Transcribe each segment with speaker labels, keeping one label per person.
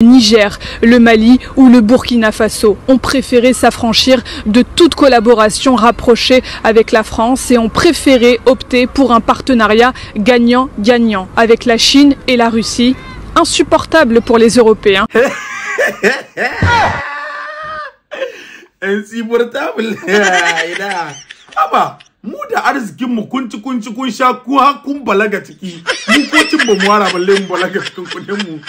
Speaker 1: Niger, le Mali ou le Burkina Faso ont préféré s'affranchir de toute collaboration rapprochée avec la France et ont préféré opter pour un partenariat gagnant-gagnant avec la Chine et la Russie, insupportable pour les Européens. insupportable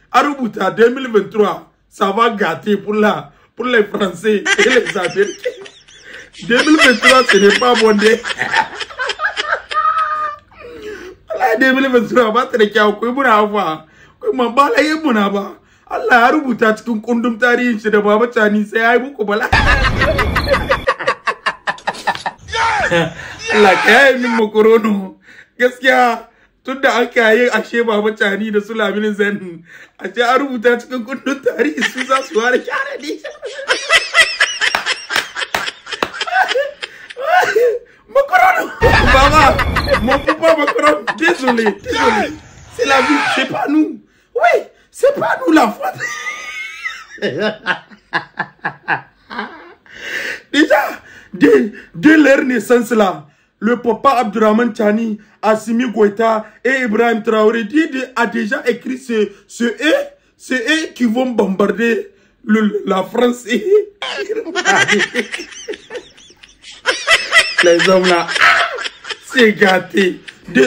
Speaker 1: a rubuta 2023 ça va gâter pour la pour les français et les américains 2023 ce n'est pas bon dé wallahi 2023 ba ta da kyau kai muna hafa kai man ba la yin muna ba Allah ya rubuta cikin kundin tarihin shi da baba tani sai ya yi muku bala Allah ka yi min makorono gaskiya tunda an kaye ashe ba mutane da su laminin zan ce an rubuta cikin kundin tarihi su za su ware kyara ne Macron Baba Mon papa Macron Désolé, désolé C'est la vie, c'est pas nous Oui, c'est pas nous la faute Déjà, dès, dès leur naissance là le papa Abdurrahman Chani, Assimi Goïta et Ibrahim Traoré a déjà écrit ce, ce E. eux e qui vont bombarder la France. les hommes là, c'est gâté.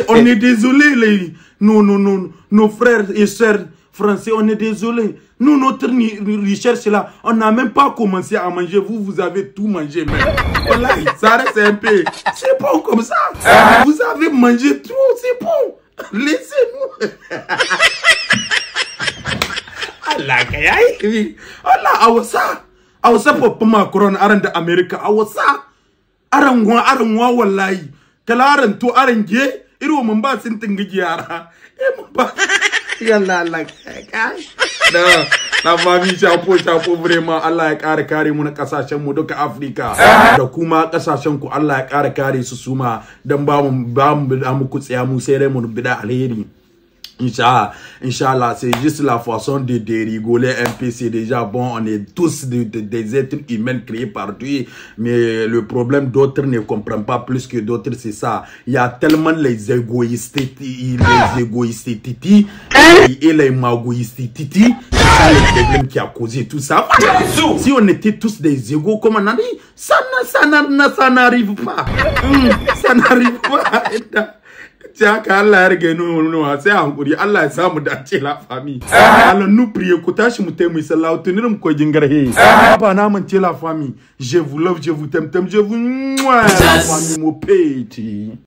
Speaker 1: on est désolé, les, nos frères et sœurs Français, on est désolé. Nous, notre recherche là, on n'a même pas commencé à manger. Vous, vous avez tout mangé Voilà, ça reste un peu. C'est bon comme ça. Hein? Vous avez mangé tout, c'est bon. Laissez-nous. Allah ka Allah a wasa a wasa babban aran da America a wasa aran aran wa wallahi kalaran to aran yalla Allah da na fami shafo shafo vraiment Allah ya ƙara kare mu na kasashen mu duka Africa da kuma kasashen ku Allah ya ƙara kare su suma dan ba mu ba mu tsaya mu sai dai mu bida alheri Inch'Allah, Inch'Allah, c'est juste la façon de, dérigoler un peu. C'est déjà bon, on est tous des êtres humains créés par Dieu. Mais le problème, d'autres ne comprennent pas plus que d'autres, c'est ça. Il y a tellement les égoïstes, les égoïstes titi, et les magoïstes titi. C'est le problème qui a causé tout ça. Si on était tous des égaux, comme on a dit, ça n'arrive pas. Ça n'arrive pas. Hmm, sai haka Allah ya rage nuna sai a hankuri Allah ya samu dace la fami Allah nu prier ku tashi mu tai mu sallah tunir mu kojin garhe ba na mun ce la fami je vous love je vous t'aime t'aime je vous moi la fami mo petit